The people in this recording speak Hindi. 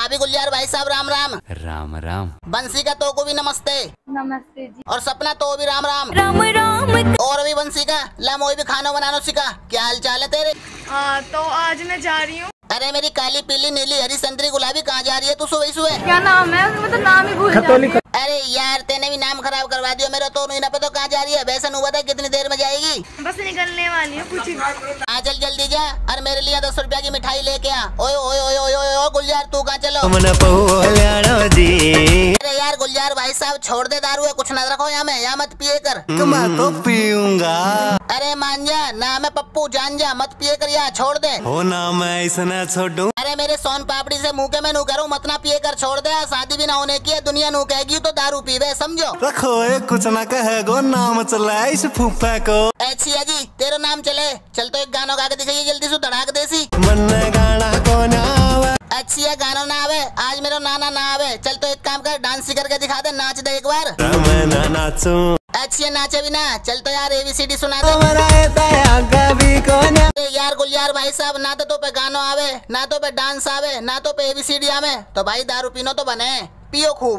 भाभी गुलियार भाई साहब राम राम राम राम बंसी का तो को भी नमस्ते नमस्ते जी और सपना तो भी राम राम राम राम और भी बंसी का लामोई भी खाना बनाना सीखा क्या हाल चाल है तेरे आ, तो आज मैं जा रही हूँ अरे मेरी काली पीली नीली हरी संतरी गुलाबी कहाँ जा रही है तू सुबह सुबह क्या नाम है मैं तो नाम ही भूल अरे यार तेने भी नाम खराब करवा दिया मेरा तो नहीं पता तो कहाँ जा रही है वैसा नहीं था कितनी देर में जाएगी बस निकलने वाली है कुछ हाँ चल जल्दी जा और मेरे लिए दस रुपया की मिठाई लेके आ ओए ओए ओए गुलजार तू कहा चलो अरे यार गुलजार भाई साहब छोड़ दे दारू है कुछ ना रखो यहाँ मैं यहाँ मत पिए कर हम्म, मैं तो पीऊंगा अरे मान जा ना मैं पप्पू जान जा मत पिए कर यहाँ छोड़ दे हो ना मैं इसे ना छोड़ू अरे मेरे सोन पापड़ी से मुँह के मैं नू करू मत ना पिए कर छोड़ दे शादी भी ना होने की है दुनिया नू कहेगी तो दारू पीवे समझो रखो कुछ ना कहेगो नाम चला इस फूफा को अच्छी जी तेरा नाम चले चल तो एक गाना गा के दिखाइए जल्दी सु धड़ाक देसी मन है गाना ना आवे आज मेरा नाना ना आवे चल तो एक काम कर डांस सीख करके दिखा दे नाच दे एक बार मैं नाचू अच्छी नाचे भी ना चल तो यार एबीसीडी सुना दे यार गुलियार भाई साहब ना तो, तो पे गाना आवे ना तो पे डांस आवे ना तो पे एबीसीडी आवे तो भाई दारू पीनो तो बने पियो खूब